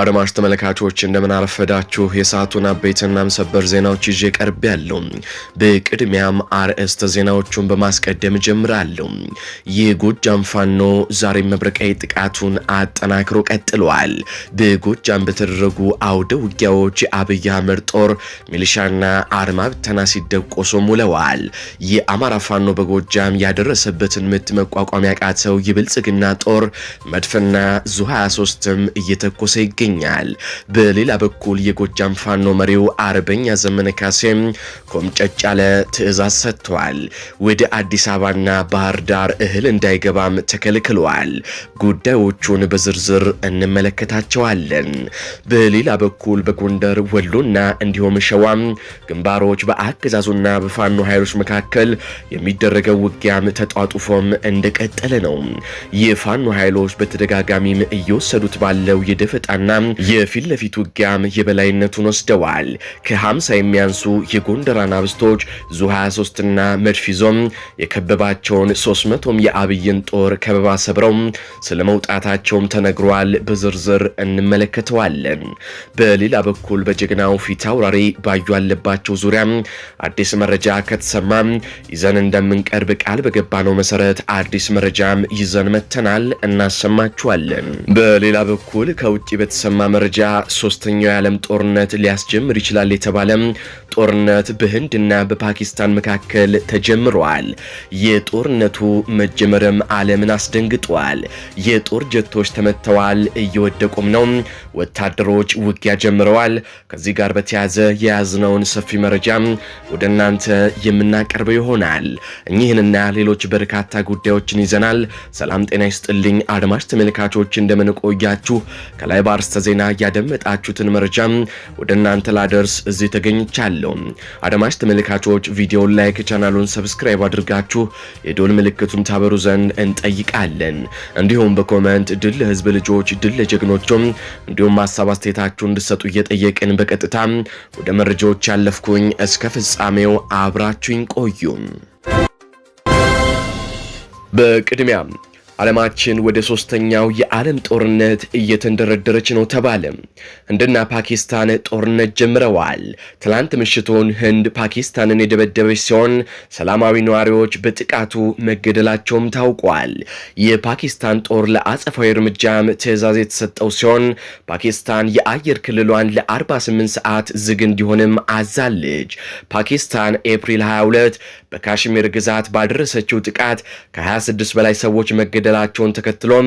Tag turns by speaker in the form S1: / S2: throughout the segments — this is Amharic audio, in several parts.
S1: አድማጭ ተመልካቾች እንደምን አረፈዳችሁ። የሰዓቱን አበይትና ሰበር ዜናዎች ይዤ ቀርብ ያለው። በቅድሚያም አርዕስተ ዜናዎቹን በማስቀደም ጀምራለሁ። የጎጃም ፋኖ ዛሬ መብረቃዊ ጥቃቱን አጠናክሮ ቀጥሏል። በጎጃም በተደረጉ አውደ ውጊያዎች የአብይ አህመድ ጦር ሚሊሻና አድማ ብተና ሲደቆሱ ውለዋል። የአማራ ፋኖ በጎጃም ያደረሰበትን ምት መቋቋም ያቃተው የብልጽግና ጦር መድፍና ዙ 23ም እየተኮሰ ይገኛል። ይገኛል። በሌላ በኩል የጎጃም ፋኖ መሪው አርበኛ ዘመነ ካሴም ቆምጨጭ ያለ ትዕዛዝ ሰጥቷል። ወደ አዲስ አበባና ባህር ዳር እህል እንዳይገባም ተከልክሏል። ጉዳዮቹን በዝርዝር እንመለከታቸዋለን። በሌላ በኩል በጎንደር ወሎና እንዲሁም ሸዋም ግንባሮች በአገዛዙና በፋኖ ኃይሎች መካከል የሚደረገው ውጊያም ተጧጡፎም እንደቀጠለ ነው። የፋኖ ኃይሎች በተደጋጋሚም እየወሰዱት ባለው የደፈጣና የፊት ለፊት ውጊያም የበላይነቱን ወስደዋል። ከ50 የሚያንሱ የጎንደር አናብስቶች ዙ 23 እና መድፍ ይዞም የከበባቸውን 300ም የአብይን ጦር ከበባ ሰብረው ስለ መውጣታቸውም ተነግሯል። በዝርዝር እንመለከተዋለን። በሌላ በኩል በጀግናው ፊት አውራሪ ባዩ አለባቸው ዙሪያ አዲስ መረጃ ከተሰማ ይዘን እንደምንቀርብ ቃል በገባ ነው መሰረት አዲስ መረጃም ይዘን መተናል፣ እናሰማችኋለን። በሌላ በኩል ከውጭ በተሰ የተሰማ መረጃ ሶስተኛው የዓለም ጦርነት ሊያስጀምር ይችላል የተባለ ጦርነት በህንድና በፓኪስታን መካከል ተጀምረዋል። የጦርነቱ መጀመርም ዓለምን አስደንግጧል። የጦር ጀቶች ተመተዋል፣ እየወደቁም ነው። ወታደሮች ውጊያ ጀምረዋል። ከዚህ ጋር በተያያዘ የያዝነውን ሰፊ መረጃ ወደ እናንተ የምናቀርበው ይሆናል። እኚህንና ሌሎች በርካታ ጉዳዮችን ይዘናል። ሰላም ጤና ይስጥልኝ አድማጭ ተመልካቾች እንደምንቆያችሁ ከላይ ባርስ አርዕስተ ዜና ያደመጣችሁትን መረጃ ወደ እናንተ ላደርስ እዚህ ተገኝቻለሁ። አድማጭ ተመልካቾች ቪዲዮን ላይክ፣ ቻናሉን ሰብስክራይብ አድርጋችሁ የዶል ምልክቱን ታበሩ ዘንድ እንጠይቃለን። እንዲሁም በኮመንት ድል ለህዝብ ልጆች፣ ድል ለጀግኖቹም እንዲሁም ሀሳብ አስተያየታችሁ እንድሰጡ እየጠየቅን በቀጥታ ወደ መረጃዎች ያለፍኩኝ፣ እስከ ፍጻሜው አብራችሁኝ ቆዩ። በቅድሚያ ዓለማችን ወደ ሶስተኛው የዓለም ጦርነት እየተንደረደረች ነው ተባለ። ህንድና ፓኪስታን ጦርነት ጀምረዋል። ትላንት ምሽቱን ህንድ ፓኪስታንን የደበደበች ሲሆን ሰላማዊ ነዋሪዎች በጥቃቱ መገደላቸውም ታውቋል። የፓኪስታን ጦር ለአጸፋዊ እርምጃም ትዕዛዝ የተሰጠው ሲሆን ፓኪስታን የአየር ክልሏን ለ48 ሰዓት ዝግ እንዲሆንም አዛለች። ፓኪስታን ኤፕሪል 22 በካሽሚር ግዛት ባደረሰችው ጥቃት ከ26 በላይ ሰዎች መገደ መገደላቸውን ተከትሎም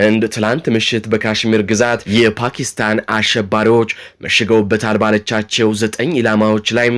S1: ህንድ ትላንት ምሽት በካሽሚር ግዛት የፓኪስታን አሸባሪዎች መሽገውበታል ባለቻቸው ዘጠኝ ኢላማዎች ላይ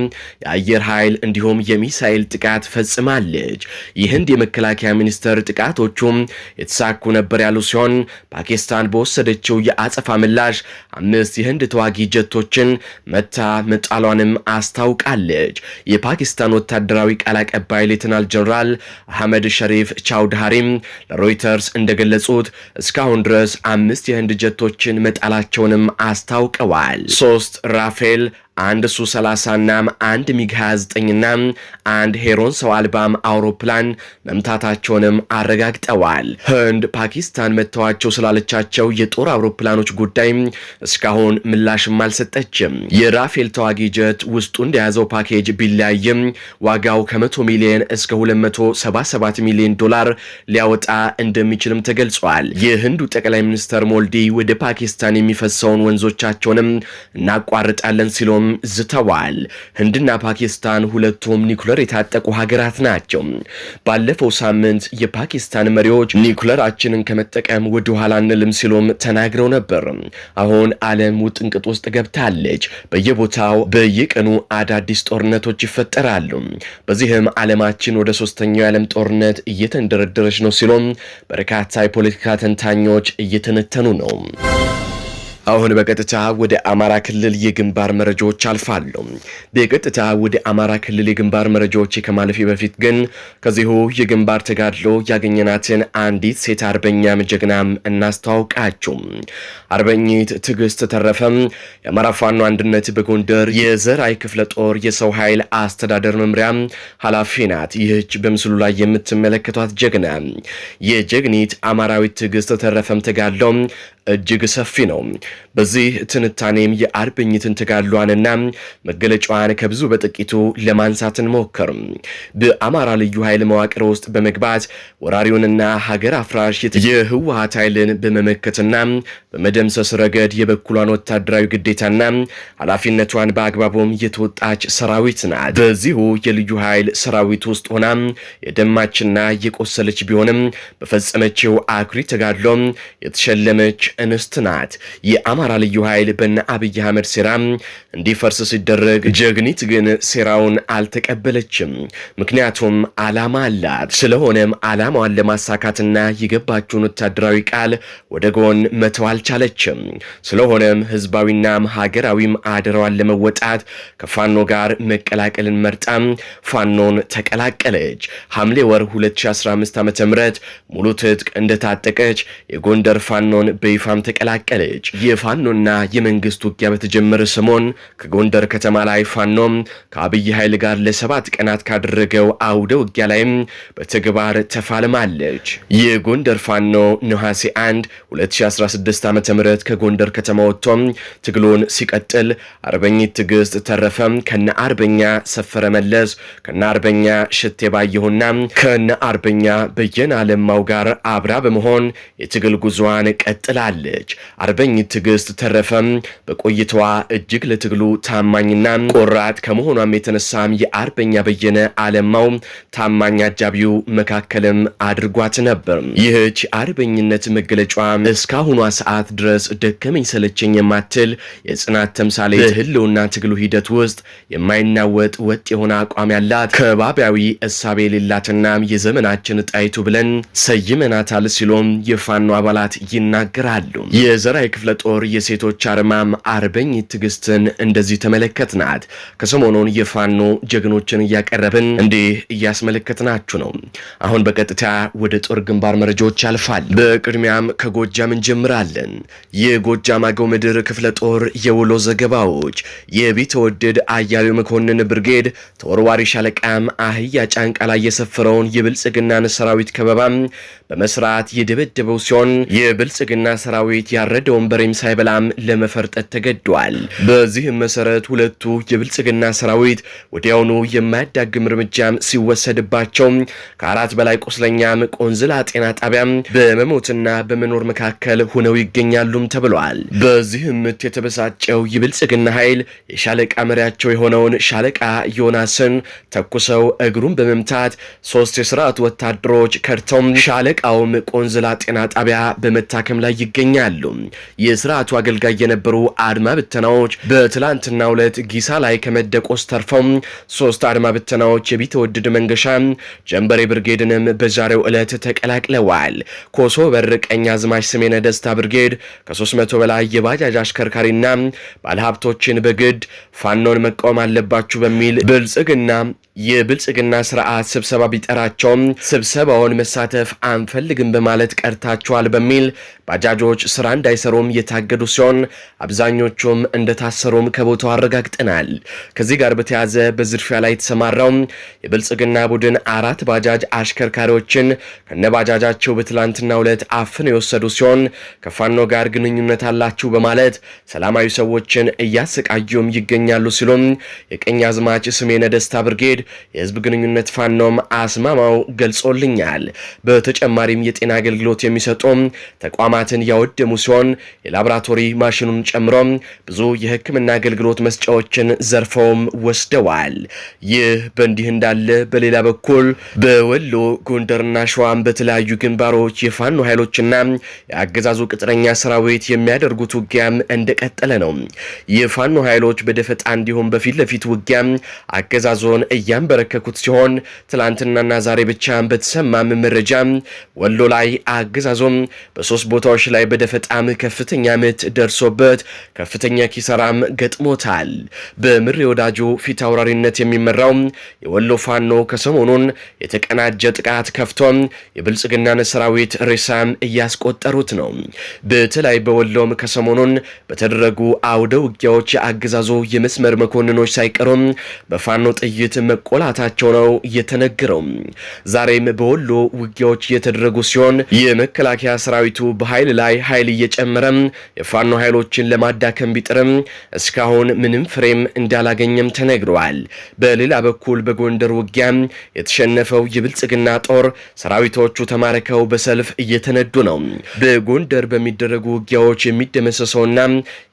S1: የአየር ኃይል እንዲሁም የሚሳኤል ጥቃት ፈጽማለች። የህንድ የመከላከያ ሚኒስቴር ጥቃቶቹም የተሳኩ ነበር ያሉ ሲሆን ፓኪስታን በወሰደችው የአጸፋ ምላሽ አምስት የህንድ ተዋጊ ጀቶችን መታ መጣሏንም አስታውቃለች። የፓኪስታን ወታደራዊ ቃል አቀባይ ሌትናል ጀኔራል አህመድ ሸሪፍ ቻውድሃሪም ለሮይተር ሮይተርስ እንደገለጹት እስካሁን ድረስ አምስት የህንድ ጀቶችን መጣላቸውንም አስታውቀዋል። ሶስት ራፌል አንድ ሱ 30ና አንድ ሚግ 29ና አንድ ሄሮን ሰው አልባም አውሮፕላን መምታታቸውንም አረጋግጠዋል። ህንድ ፓኪስታን መጥተዋቸው ስላለቻቸው የጦር አውሮፕላኖች ጉዳይ እስካሁን ምላሽም አልሰጠችም። የራፌል ተዋጊ ጀት ውስጡ እንደያዘው ፓኬጅ ቢለያይም ዋጋው ከ100 ሚሊዮን እስከ 277 ሚሊዮን ዶላር ሊያወጣ እንደሚችልም ተገልጿል። የህንዱ ጠቅላይ ሚኒስተር ሞልዲ ወደ ፓኪስታን የሚፈሰውን ወንዞቻቸውንም እናቋርጣለን ሲሎም ዝተዋል። ህንድና ፓኪስታን ሁለቱም ኒኩለር የታጠቁ ሀገራት ናቸው። ባለፈው ሳምንት የፓኪስታን መሪዎች ኒኩለራችንን ከመጠቀም ወደ ኋላ አንልም ሲሉም ተናግረው ነበር። አሁን ዓለም ውጥንቅጥ ውስጥ ገብታለች። በየቦታው በየቀኑ አዳዲስ ጦርነቶች ይፈጠራሉ። በዚህም ዓለማችን ወደ ሶስተኛው የዓለም ጦርነት እየተንደረደረች ነው ሲሉም በርካታ የፖለቲካ ተንታኞች እየተነተኑ ነው። አሁን በቀጥታ ወደ አማራ ክልል የግንባር መረጃዎች አልፋሉ። በቀጥታ ወደ አማራ ክልል የግንባር መረጃዎች ከማለፊ በፊት ግን ከዚሁ የግንባር ተጋድሎ ያገኘናትን አንዲት ሴት አርበኛም ጀግናም እናስተዋውቃችሁ። አርበኝት ትዕግስት ተረፈም የአማራ ፋኖ አንድነት በጎንደር የዘራይ ክፍለ ጦር የሰው ኃይል አስተዳደር መምሪያ ኃላፊ ናት። ይህች በምስሉ ላይ የምትመለከቷት ጀግና የጀግኒት አማራዊት ትዕግስት ተረፈም ተጋድሎ እጅግ ሰፊ ነው። በዚህ ትንታኔም የአርበኝትን ተጋድሏንና መገለጫዋን ከብዙ በጥቂቱ ለማንሳት እንሞከርም በአማራ ልዩ ኃይል መዋቅር ውስጥ በመግባት ወራሪውንና ሀገር አፍራሽ የህወሀት ኃይልን በመመከትና በመደምሰስ ረገድ የበኩሏን ወታደራዊ ግዴታና ኃላፊነቷን በአግባቡም የተወጣች ሰራዊት ናት። በዚሁ የልዩ ኃይል ሰራዊት ውስጥ ሆና የደማችና የቆሰለች ቢሆንም በፈጸመችው አኩሪ ተጋድሎ የተሸለመች እንስት ናት። የአማራ ልዩ ኃይል በነ አብይ አህመድ ሴራ እንዲፈርስ ሲደረግ ጀግኒት ግን ሴራውን አልተቀበለችም። ምክንያቱም አላማ አላት። ስለሆነም አላማዋን ለማሳካትና የገባችውን ወታደራዊ ቃል ወደ ጎን መተው አልቻለችም። ስለሆነም ህዝባዊናም ሀገራዊም አደራዋን ለመወጣት ከፋኖ ጋር መቀላቀልን መርጣ ፋኖን ተቀላቀለች። ሐምሌ ወር 2015 ዓ ም ሙሉ ትጥቅ እንደታጠቀች የጎንደር ፋኖን በይፋም ተቀላቀለች። የፋኖና የመንግስት ውጊያ በተጀመረ ሰሞን ከጎንደር ከተማ ላይ ፋኖ ከአብይ ኃይል ጋር ለሰባት ቀናት ካደረገው አውደ ውጊያ ላይም በተግባር ተፋልማለች። የጎንደር ፋኖ ነሐሴ 1 2016 ዓ ም ከጎንደር ከተማ ወጥቶ ትግሎን ሲቀጥል አርበኝት ትዕግስት ተረፈ ከነ አርበኛ ሰፈረ መለስ ከነ አርበኛ ሽቴ ባየሁና ከነ አርበኛ በየነ አለማው ጋር አብራ በመሆን የትግል ጉዞዋን ቀጥላለች። አርበኝት ትዕግስት ተረፈም በቆይታዋ እጅግ ለትግሉ ታማኝና ቆራጥ ከመሆኗም የተነሳም የአርበኛ በየነ አለማው ታማኝ አጃቢው መካከልም አድርጓት ነበር። ይህች አርበኝነት መገለጫ እስካሁኗ ሰዓት ድረስ ደከመኝ ሰለቸኝ የማትል የጽናት ተምሳሌ ህልውና ትግሉ ሂደት ውስጥ የማይናወጥ ወጥ የሆነ አቋም ያላት ከባቢያዊ እሳቤ የሌላትና የዘመናችን ጣይቱ ብለን ሰይመናታል ሲሎም የፋኖ አባላት ይናገራሉ። የዘራይ ክፍለ ጦር ጦር የሴቶች አርማም አርበኝ ትግስትን እንደዚህ ተመለከትናት። ከሰሞኑን የፋኖ ጀግኖችን እያቀረብን እንዲህ እያስመለከትናችሁ ነው። አሁን በቀጥታ ወደ ጦር ግንባር መረጃዎች ያልፋል። በቅድሚያም ከጎጃም እንጀምራለን። የጎጃም አገው ምድር ክፍለ ጦር የውሎ ዘገባዎች የቢተወደድ አያሌው መኮንን ብርጌድ ተወርዋሪ ሻለቃም አህያ ጫንቃ ላይ የሰፈረውን የብልጽግናን ሰራዊት ከበባም በመስራት የደበደበው ሲሆን የብልጽግና ሰራዊት ያረደ ወንበሬም ሳይበላም ለመፈርጠት ተገደዋል። በዚህም መሰረት ሁለቱ የብልጽግና ሰራዊት ወዲያውኑ የማያዳግም እርምጃም ሲወሰድባቸው ከአራት በላይ ቁስለኛም ቆንዝላ ጤና ጣቢያም በመሞትና በመኖር መካከል ሆነው ይገኛሉም ተብለዋል። በዚህም ምት የተበሳጨው የብልጽግና ኃይል የሻለቃ መሪያቸው የሆነውን ሻለቃ ዮናስን ተኩሰው እግሩን በመምታት ሶስት የስርዓቱ ወታደሮች ከድተው ሻለቃ ሻለቃውም ቆንዝላ ጤና ጣቢያ በመታከም ላይ ይገኛሉ። የስርዓቱ አገልጋይ የነበሩ አድማ ብተናዎች በትላንትናው ዕለት ጊሳ ላይ ከመደቆስ ተርፈው ሶስት አድማ ብተናዎች የቢተወደድ መንገሻ ጀንበሬ ብርጌድንም በዛሬው ዕለት ተቀላቅለዋል። ኮሶ በር ቀኝ አዝማች ስሜነ ደስታ ብርጌድ ከ300 በላይ የባጃጅ አሽከርካሪና ባለሀብቶችን በግድ ፋኖን መቃወም አለባችሁ በሚል ብልጽግና የብልጽግና ስርዓት ስብሰባ ቢጠራቸውም ስብሰባውን መሳተፍ አንፈልግም በማለት ቀርታቸዋል በሚል ባጃጆች ስራ እንዳይሰሩም የታገዱ ሲሆን አብዛኞቹም እንደታሰሩም ከቦታው አረጋግጠናል። ከዚህ ጋር በተያዘ በዝርፊያ ላይ የተሰማራው የብልጽግና ቡድን አራት ባጃጅ አሽከርካሪዎችን ከነባጃጃቸው በትላንትናው ዕለት አፍን የወሰዱ ሲሆን ከፋኖ ጋር ግንኙነት አላችሁ በማለት ሰላማዊ ሰዎችን እያሰቃዩም ይገኛሉ ሲሉም የቀኝ አዝማች ስሜነ ደስታ ብርጌድ የህዝብ ግንኙነት ፋኖም አስማማው ገልጾልኛል። በተጨማሪም የጤና አገልግሎት የሚሰጡ ተቋማትን ያወደሙ ሲሆን የላቦራቶሪ ማሽኑን ጨምሮ ብዙ የህክምና አገልግሎት መስጫዎችን ዘርፈውም ወስደዋል። ይህ በእንዲህ እንዳለ በሌላ በኩል በወሎ ጎንደርና ሸዋም በተለያዩ ግንባሮች የፋኖ ኃይሎችና የአገዛዙ ቅጥረኛ ሰራዊት የሚያደርጉት ውጊያም እንደቀጠለ ነው። የፋኖ ኃይሎች በደፈጣ እንዲሁም በፊት ለፊት ውጊያም አገዛዞን እያ ያንበረከኩት ሲሆን ትላንትናና ዛሬ ብቻ በተሰማም መረጃ ወሎ ላይ አገዛዞም በሶስት ቦታዎች ላይ በደፈጣም ከፍተኛ ምት ደርሶበት ከፍተኛ ኪሰራም ገጥሞታል። በምሬ ወዳጁ ፊት አውራሪነት የሚመራው የወሎ ፋኖ ከሰሞኑን የተቀናጀ ጥቃት ከፍቶ የብልጽግናን ሰራዊት ሬሳም እያስቆጠሩት ነው። በተለይ በወሎም ከሰሞኑን በተደረጉ አውደ ውጊያዎች የአገዛዙ የመስመር መኮንኖች ሳይቀሩም በፋኖ ጥይት መቆላታቸው ነው የተነገረው። ዛሬም በወሎ ውጊያዎች እየተደረጉ ሲሆን የመከላከያ ሰራዊቱ በኃይል ላይ ኃይል እየጨመረም የፋኖ ኃይሎችን ለማዳከም ቢጥርም እስካሁን ምንም ፍሬም እንዳላገኘም ተነግረዋል። በሌላ በኩል በጎንደር ውጊያ የተሸነፈው የብልጽግና ጦር ሰራዊቶቹ ተማርከው በሰልፍ እየተነዱ ነው። በጎንደር በሚደረጉ ውጊያዎች የሚደመሰሰውና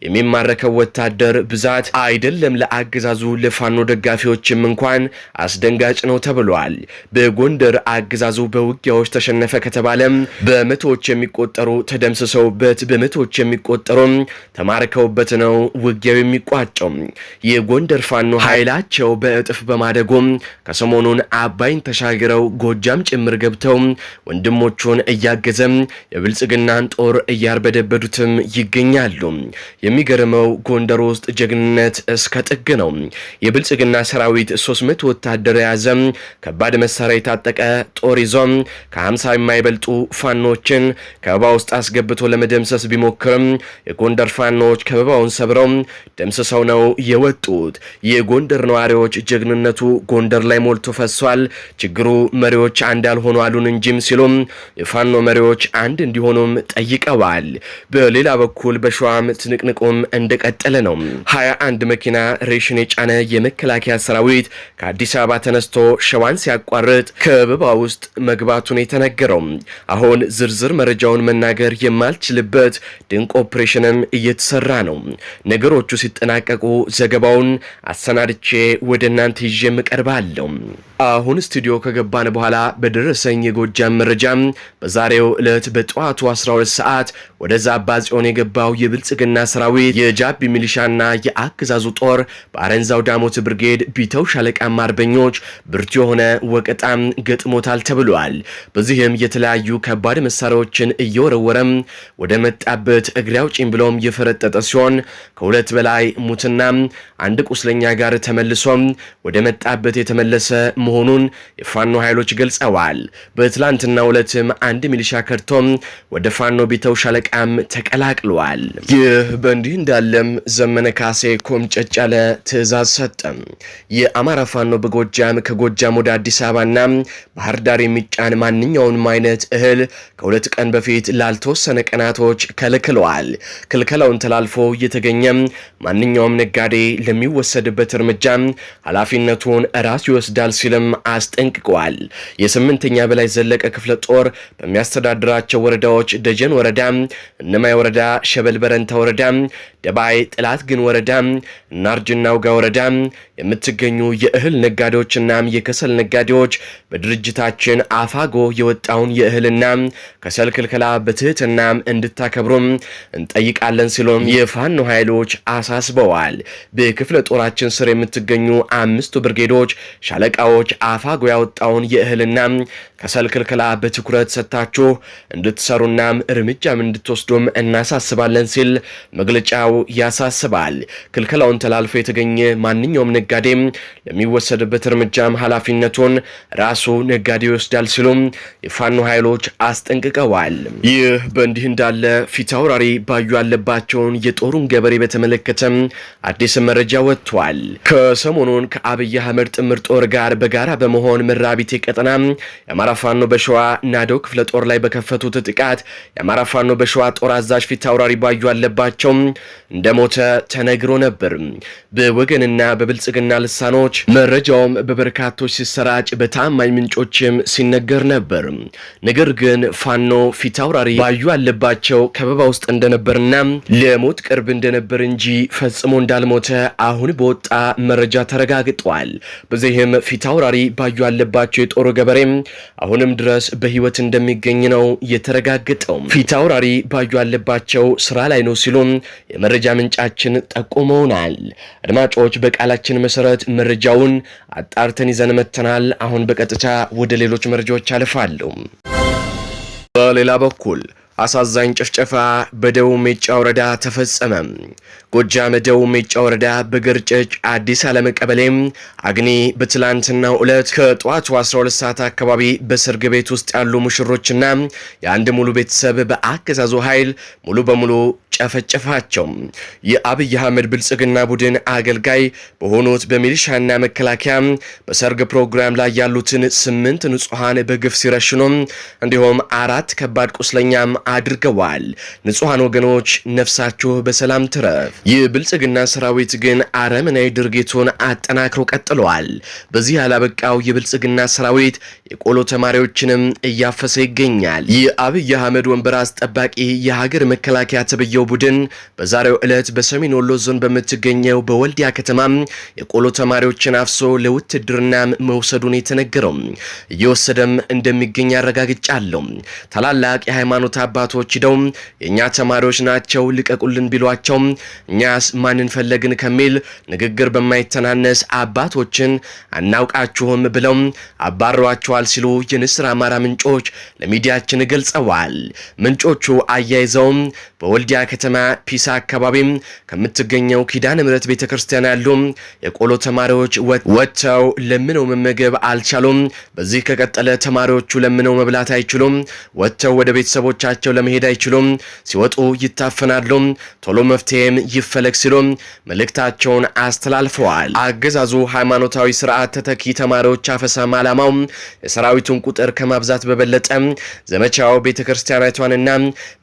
S1: የሚማረከው ወታደር ብዛት አይደለም ለአገዛዙ ለፋኖ ደጋፊዎችም እንኳን አስደንጋጭ ነው ተብሏል። በጎንደር አገዛዙ በውጊያዎች ተሸነፈ ከተባለም በመቶዎች የሚቆጠሩ ተደምስሰውበት በመቶዎች የሚቆጠሩ ተማርከውበት ነው ውጊያው የሚቋጨው። የጎንደር ፋኖ ኃይላቸው በእጥፍ በማደጎ ከሰሞኑን አባይን ተሻግረው ጎጃም ጭምር ገብተው ወንድሞቹን እያገዘም የብልጽግናን ጦር እያርበደበዱትም ይገኛሉ። የሚገርመው ጎንደር ውስጥ ጀግንነት እስከ ጥግ ነው። የብልጽግና ሰራዊት 300 ወታደር የያዘ ከባድ መሳሪያ የታጠቀ ጦር ይዞ ከ50 የማይበልጡ ፋኖችን ከበባ ውስጥ አስገብቶ ለመደምሰስ ቢሞክርም የጎንደር ፋኖች ከበባውን ሰብረው ደምስሰው ነው የወጡት። የጎንደር ነዋሪዎች ጀግንነቱ ጎንደር ላይ ሞልቶ ፈሷል፣ ችግሩ መሪዎች አንድ ያልሆኑ አሉን እንጂም ሲሉም የፋኖ መሪዎች አንድ እንዲሆኑም ጠይቀዋል። በሌላ በኩል በሸዋም ትንቅንቁም እንደቀጠለ ነው። 21 መኪና ሬሽን የጫነ የመከላከያ ሰራዊት ከአዲስ አበባ ተነስቶ ሸዋን ሲያቋርጥ ከበባ ውስጥ መግባቱን የተነገረው አሁን ዝርዝር መረጃውን መናገር የማልችልበት ድንቅ ኦፕሬሽንም እየተሰራ ነው። ነገሮቹ ሲጠናቀቁ ዘገባውን አሰናድቼ ወደ እናንተ ይዤ እቀርባለሁ። አሁን ስቱዲዮ ከገባን በኋላ በደረሰኝ የጎጃም መረጃ በዛሬው ዕለት በጠዋቱ 12 ሰዓት ወደዛ አባ ጽዮን የገባው የብልጽግና ሰራዊት የጃቢ ሚሊሻና የአገዛዙ ጦር በአረንዛው ዳሞት ብርጌድ ቢተው ሻለቃ አርበኞች ብርቱ የሆነ ወቀጣም ገጥሞታል ተብሏል። በዚህም የተለያዩ ከባድ መሳሪያዎችን እየወረወረም ወደ መጣበት እግሬ አውጪኝ ብሎም የፈረጠጠ ሲሆን ከሁለት በላይ ሙትና አንድ ቁስለኛ ጋር ተመልሶም ወደ መጣበት የተመለሰ መሆኑን የፋኖ ኃይሎች ገልጸዋል። በትላንትና ሁለትም አንድ ሚሊሻ ከርቶም ወደ ፋኖ ቤተው ሻለቃም ተቀላቅለዋል። ይህ በእንዲህ እንዳለም ዘመነ ካሴ ኮምጨጭ ያለ ትዕዛዝ ሰጠም። የአማራ ፋኖ በጎጃም ከጎጃም ወደ አዲስ አበባና ባህር ዳር የሚጫን ማንኛውንም አይነት እህል ከሁለት ቀን በፊት ላልተወሰነ ቀናቶች ከልክለዋል። ክልከላውን ተላልፎ እየተገኘ ማንኛውም ነጋዴ ለሚወሰድበት እርምጃ ኃላፊነቱን ራሱ ይወስዳል ሲልም አስጠንቅቀዋል። የስምንተኛ በላይ ዘለቀ ክፍለ ጦር በሚያስተዳድራቸው ወረዳዎች ደጀን ወረዳ፣ እነማይ ወረዳ፣ ሸበል በረንታ ወረዳ፣ ደባይ ጥላት ግን ወረዳ እና እርጅና ወረዳ የምትገኙ የእህል ነጋዴዎችና የከሰል ነጋዴዎች በድርጅታችን አፋጎ የወጣውን የእህልና ከሰል ክልከላ በትህትናም እንድታከብሩም እንጠይቃለን ሲሉም የፋኖ ኃይሎች አሳስበዋል። በክፍለ ጦራችን ስር የምትገኙ አምስቱ ብርጌዶች ሻለቃዎች አፋጎ ያወጣውን የእህልና ከሰል ክልከላ በትኩረት ሰጥታችሁ እንድትሰሩና እርምጃም እንድትወስዱም እናሳስባለን ሲል መግለጫው ያሳስባል። ክልከላውን ተላልፎ የተገኘ ማንኛውም ነጋዴም ለሚወሰ ለተወሰደበት እርምጃም ኃላፊነቱን ራሱ ነጋዴ ይወስዳል ሲሉም የፋኖ ኃይሎች አስጠንቅቀዋል። ይህ በእንዲህ እንዳለ ፊታውራሪ ባዩ ያለባቸውን የጦሩን ገበሬ በተመለከተም አዲስ መረጃ ወጥቷል። ከሰሞኑን ከአብይ አህመድ ጥምር ጦር ጋር በጋራ በመሆን መራቢቴ ቀጠና የአማራ ፋኖ በሸዋ ናደው ክፍለ ጦር ላይ በከፈቱት ጥቃት የአማራ ፋኖ በሸዋ ጦር አዛዥ ፊታውራሪ ባዩ ያለባቸው እንደሞተ ተነግሮ ነበር። በወገንና በብልጽግና ልሳኖች መረ መረጃውም በበርካቶች ሲሰራጭ በታማኝ ምንጮችም ሲነገር ነበር። ነገር ግን ፋኖ ፊት አውራሪ ባዩ ያለባቸው ከበባ ውስጥ እንደነበርና ለሞት ቅርብ እንደነበር እንጂ ፈጽሞ እንዳልሞተ አሁን በወጣ መረጃ ተረጋግጧል። በዚህም ፊት አውራሪ ባዩ ያለባቸው የጦር ገበሬም አሁንም ድረስ በህይወት እንደሚገኝ ነው የተረጋገጠው። ፊት አውራሪ ባዩ ያለባቸው ስራ ላይ ነው ሲሉም የመረጃ ምንጫችን ጠቁመውናል። አድማጮች በቃላችን መሰረት መረጃውን አጣርተን ይዘን መተናል። አሁን በቀጥታ ወደ ሌሎች መረጃዎች አልፋለሁ። በሌላ በኩል አሳዛኝ ጭፍጨፋ በደቡብ ሜጫ ወረዳ ተፈጸመ። ጎጃም ደው ሜጫ ወረዳ በገርጨጭ አዲስ ዓለም ቀበሌም አግኒ በትላንትናው ዕለት ከጠዋቱ 12 ሰዓት አካባቢ በሰርግ ቤት ውስጥ ያሉ ሙሽሮችና የአንድ ሙሉ ቤተሰብ በአገዛዙ ኃይል ሙሉ በሙሉ ጨፈጨፋቸው። የአብይ አህመድ ብልጽግና ቡድን አገልጋይ በሆኑት በሚሊሻና መከላከያ በሰርግ ፕሮግራም ላይ ያሉትን ስምንት ንጹሐን በግፍ ሲረሽኑ እንዲሁም አራት ከባድ ቁስለኛም አድርገዋል። ንጹሐን ወገኖች ነፍሳችሁ በሰላም ትረፍ። የብልጽግና ሰራዊት ግን አረመናዊ ድርጊቱን አጠናክሮ ቀጥለዋል። በዚህ ያላበቃው የብልጽግና ሰራዊት የቆሎ ተማሪዎችንም እያፈሰ ይገኛል። የአብይ አህመድ ወንበር አስጠባቂ የሀገር መከላከያ ተብየው ቡድን በዛሬው ዕለት በሰሜን ወሎ ዞን በምትገኘው በወልዲያ ከተማም የቆሎ ተማሪዎችን አፍሶ ለውትድርና መውሰዱን የተነገረው እየወሰደም እንደሚገኝ አረጋግጫለሁ። ታላላቅ የሃይማኖት አባቶች ሂደው የእኛ ተማሪዎች ናቸው ልቀቁልን ቢሏቸው እኛስ ማንን ፈለግን ከሚል ንግግር በማይተናነስ አባቶችን አናውቃችሁም ብለው አባረዋቸዋል ሲሉ የንስር አማራ ምንጮች ለሚዲያችን ገልጸዋል። ምንጮቹ አያይዘውም በወልዲያ ከተማ ፒሳ አካባቢም ከምትገኘው ኪዳነ ምሕረት ቤተ ክርስቲያን ያሉ የቆሎ ተማሪዎች ወጥተው ለምነው መመገብ አልቻሉም። በዚህ ከቀጠለ ተማሪዎቹ ለምነው መብላት አይችሉም። ወጥተው ወደ ቤተሰቦቻቸው ለመሄድ አይችሉም። ሲወጡ ይታፈናሉ። ቶሎ መፍትሄም ይፈለግ ሲሉ መልእክታቸውን አስተላልፈዋል። አገዛዙ ሃይማኖታዊ ስርዓት ተተኪ ተማሪዎች አፈሳም ዓላማው የሰራዊቱን ቁጥር ከማብዛት በበለጠ ዘመቻው ቤተ ክርስቲያናቷንና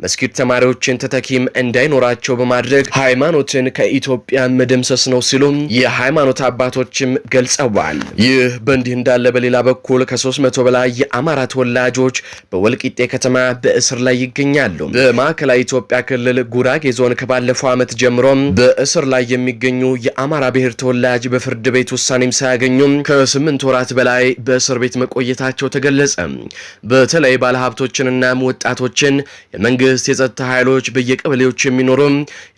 S1: መስጊድ ተማሪዎችን ተተኪም እንዳይኖራቸው በማድረግ ሃይማኖትን ከኢትዮጵያ መደምሰስ ነው ሲሉ የሃይማኖት አባቶችም ገልጸዋል። ይህ በእንዲህ እንዳለ በሌላ በኩል ከ300 በላይ የአማራ ተወላጆች በወልቂጤ ከተማ በእስር ላይ ይገኛሉ። በማዕከላዊ ኢትዮጵያ ክልል ጉራጌ ዞን ከባለፈው ዓመት ጀምሮ ጨምሮም በእስር ላይ የሚገኙ የአማራ ብሔር ተወላጅ በፍርድ ቤት ውሳኔም ሳያገኙም ከስምንት ወራት በላይ በእስር ቤት መቆየታቸው ተገለጸ። በተለይ ባለሀብቶችንና ወጣቶችን የመንግስት የጸጥታ ኃይሎች በየቀበሌዎች የሚኖሩ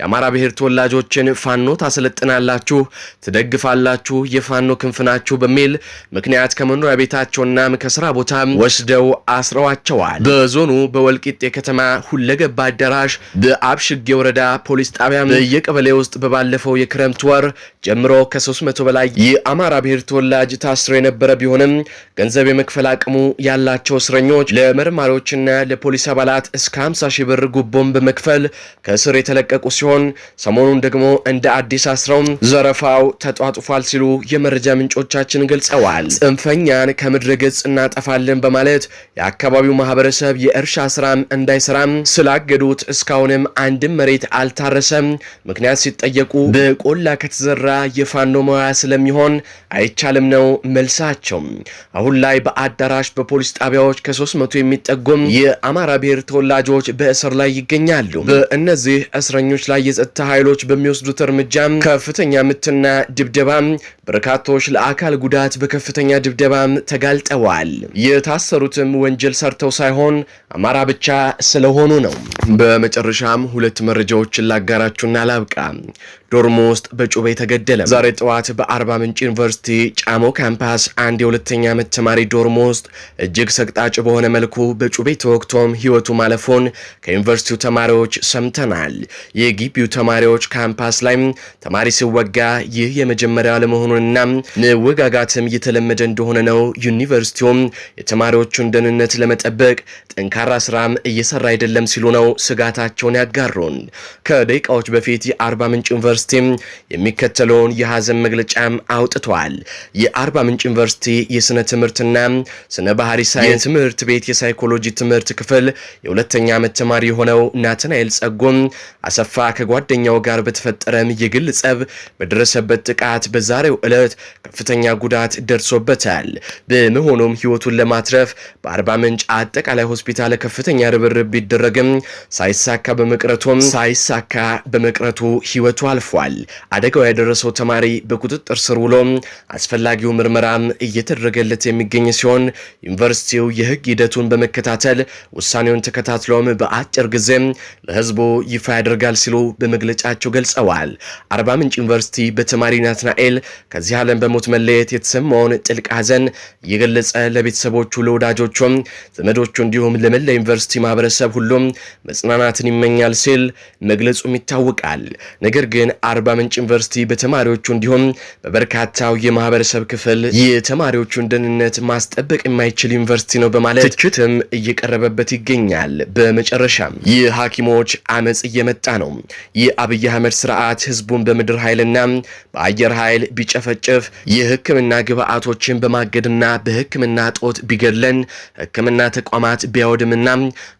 S1: የአማራ ብሔር ተወላጆችን ፋኖ ታሰለጥናላችሁ፣ ትደግፋላችሁ፣ የፋኖ ክንፍ ናችሁ በሚል ምክንያት ከመኖሪያ ቤታቸውና ከስራ ቦታ ወስደው አስረዋቸዋል። በዞኑ በወልቂጤ ከተማ ሁለገባ አዳራሽ፣ በአብሽጌ ወረዳ ፖሊስ ጣቢያ በየቀበሌ ውስጥ በባለፈው የክረምት ወር ጀምሮ ከ300 በላይ የአማራ ብሔር ተወላጅ ታስሮ የነበረ ቢሆንም ገንዘብ የመክፈል አቅሙ ያላቸው እስረኞች ለመርማሪዎችና ለፖሊስ አባላት እስከ 50 ሺህ ብር ጉቦን በመክፈል ከእስር የተለቀቁ ሲሆን ሰሞኑን ደግሞ እንደ አዲስ አስረው ዘረፋው ተጧጡፏል ሲሉ የመረጃ ምንጮቻችን ገልጸዋል። ጽንፈኛን ከምድረ ገጽ እናጠፋለን በማለት የአካባቢው ማህበረሰብ የእርሻ ስራም እንዳይሰራም ስላገዱት እስካሁንም አንድም መሬት አልታረሰም። ምክንያት ሲጠየቁ በቆላ ከተዘራ የፋኖ ሙያ ስለሚሆን አይቻልም ነው መልሳቸው። አሁን ላይ በአዳራሽ በፖሊስ ጣቢያዎች ከ300 የሚጠጉም የአማራ ብሔር ተወላጆች በእስር ላይ ይገኛሉ። በእነዚህ እስረኞች ላይ የጸጥታ ኃይሎች በሚወስዱት እርምጃ ከፍተኛ ምትና ድብደባ በርካቶች ለአካል ጉዳት በከፍተኛ ድብደባም ተጋልጠዋል። የታሰሩትም ወንጀል ሰርተው ሳይሆን አማራ ብቻ ስለሆኑ ነው። በመጨረሻም ሁለት መረጃዎችን ላጋራችሁና ላብቃ። ዶርሞ ውስጥ በጩቤ ተገደለ። ዛሬ ጠዋት በአርባ ምንጭ ዩኒቨርሲቲ ጫሞ ካምፓስ አንድ የሁለተኛ ዓመት ተማሪ ዶርሞ ውስጥ እጅግ ሰቅጣጭ በሆነ መልኩ በጩቤ ተወግቶም ህይወቱ ማለፉን ከዩኒቨርሲቲው ተማሪዎች ሰምተናል። የግቢው ተማሪዎች ካምፓስ ላይ ተማሪ ሲወጋ ይህ የመጀመሪያ ለመሆኑ መኖርና መወጋጋትም እየተለመደ እንደሆነ ነው። ዩኒቨርሲቲውም የተማሪዎቹን ደህንነት ለመጠበቅ ጠንካራ ስራም እየሰራ አይደለም ሲሉ ነው ስጋታቸውን ያጋሩን። ከደቂቃዎች በፊት የአርባ ምንጭ ዩኒቨርሲቲ የሚከተለውን የሀዘን መግለጫም አውጥቷል። የአርባ ምንጭ ዩኒቨርሲቲ የስነ ትምህርትና ስነ ባህሪ ሳይንስ ትምህርት ቤት የሳይኮሎጂ ትምህርት ክፍል የሁለተኛ ዓመት ተማሪ የሆነው ናትናኤል ጸጉም አሰፋ ከጓደኛው ጋር በተፈጠረም የግል ጸብ በደረሰበት ጥቃት በዛሬው ዕለት ከፍተኛ ጉዳት ደርሶበታል። በመሆኑም ህይወቱን ለማትረፍ በአርባ ምንጭ አጠቃላይ ሆስፒታል ከፍተኛ ርብርብ ቢደረግም ሳይሳካ በመቅረቱም ሳይሳካ በመቅረቱ ህይወቱ አልፏል። አደጋው ያደረሰው ተማሪ በቁጥጥር ስር ውሎ አስፈላጊው ምርመራም እየተደረገለት የሚገኝ ሲሆን ዩኒቨርሲቲው የህግ ሂደቱን በመከታተል ውሳኔውን ተከታትሎም በአጭር ጊዜ ለህዝቡ ይፋ ያደርጋል ሲሉ በመግለጫቸው ገልጸዋል። አርባ ምንጭ ዩኒቨርሲቲ በተማሪ ናትናኤል ከዚህ ዓለም በሞት መለየት የተሰማውን ጥልቅ ሐዘን እየገለጸ ለቤተሰቦቹ፣ ለወዳጆቹም፣ ዘመዶቹ እንዲሁም ለመላ ዩኒቨርሲቲ ማህበረሰብ ሁሉም መጽናናትን ይመኛል ሲል መግለጹም ይታወቃል። ነገር ግን አርባ ምንጭ ዩኒቨርሲቲ በተማሪዎቹ እንዲሁም በበርካታው የማህበረሰብ ክፍል የተማሪዎቹን ደህንነት ማስጠበቅ የማይችል ዩኒቨርሲቲ ነው በማለት ትችትም እየቀረበበት ይገኛል። በመጨረሻም የሐኪሞች አመፅ እየመጣ ነው። የአብይ አህመድ ስርዓት ህዝቡን በምድር ኃይልና በአየር ኃይል ቢጨፍ ሲጨፈጭፍ የህክምና ግብአቶችን በማገድና በህክምና ጦት ቢገድለን ህክምና ተቋማት ቢያወድምና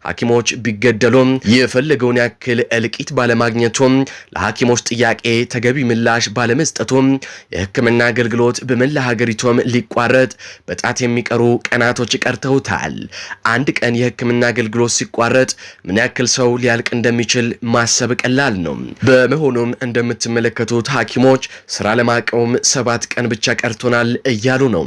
S1: ሐኪሞች ቢገደሉም የፈለገውን ያክል እልቂት ባለማግኘቱም ለሐኪሞች ጥያቄ ተገቢ ምላሽ ባለመስጠቱም የህክምና አገልግሎት በመላ ሀገሪቱም ሊቋረጥ በጣት የሚቀሩ ቀናቶች ቀርተውታል። አንድ ቀን የህክምና አገልግሎት ሲቋረጥ ምን ያክል ሰው ሊያልቅ እንደሚችል ማሰብ ቀላል ነው። በመሆኑም እንደምትመለከቱት ሐኪሞች ስራ ለማቀውም ሰባት ቀን ብቻ ቀርቶናል እያሉ ነው።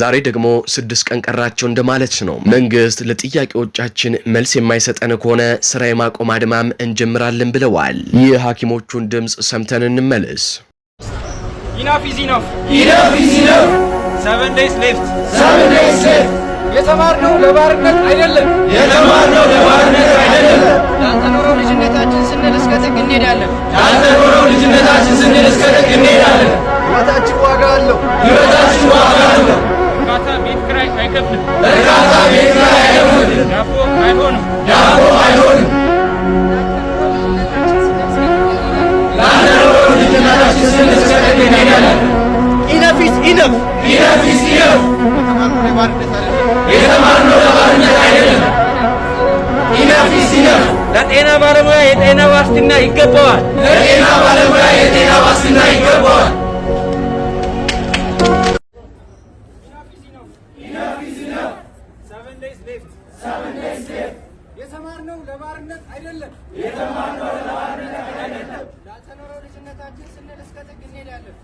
S1: ዛሬ ደግሞ ስድስት ቀን ቀራቸው እንደማለት ነው። መንግስት ለጥያቄዎቻችን መልስ የማይሰጠን ከሆነ ስራ የማቆም አድማም እንጀምራለን ብለዋል። ይህ ሐኪሞቹን ድምፅ ሰምተን እንመለስ። የተማርነው ለባርነት አይደለም፣ የተማርነው ለባርነት አይደለም። ልጅነታችን ስንል እስከ ጥግ እንሄዳለን፣ ልጅነታችን ስንል እስከ ጥግ እንሄዳለን። ልፋታችን ዋጋ አለው። ልፋታችን ዋጋ አለው። እርካታ ቤት ኪራይ አይከፍልም። እርካታ ቤት ኪራይ አይከፍልም። ዳቦ አይሆንም። ዳቦ አይሆንም። ኢነፍ ኢዝ ኢነፍ። ኢነፍ ኢዝ ኢነፍ። የተማርነው ለባርነት አይደለም። ኢነፍ ኢነፍ። ለጤና ባለሙያ የጤና ዋስትና ይገባዋል። ለጤና ባለሙያ የተማርነው ለማንነት አይደለም። ላልተኖረው ልጅነታችን ስንል እስከ ጥግ እንሄዳለን።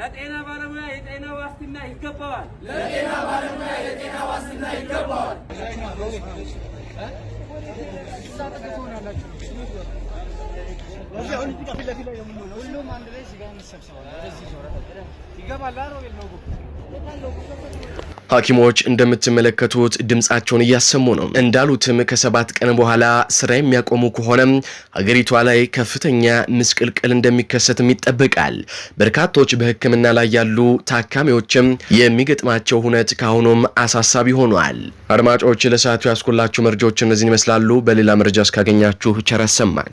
S1: ለጤና ባለሙያ የጤና ዋስትና ይገባዋል። ለጤና ባለሙያ የጤና ዋስትና ይገባዋል። ሁሉም አንድ ላይ ስጋ እንሰብሰባለን። ይገባል ነው ሐኪሞች እንደምትመለከቱት ድምፃቸውን እያሰሙ ነው። እንዳሉትም ከሰባት ቀን በኋላ ስራ የሚያቆሙ ከሆነም ሀገሪቷ ላይ ከፍተኛ ምስቅልቅል እንደሚከሰትም ይጠበቃል። በርካቶች በሕክምና ላይ ያሉ ታካሚዎችም የሚገጥማቸው ሁነት ካሁኑም አሳሳቢ ሆኗል። አድማጮች ለሰዓቱ ያስኩላችሁ መረጃዎች እነዚህን ይመስላሉ። በሌላ መረጃ እስካገኛችሁ ቸር ያሰማን።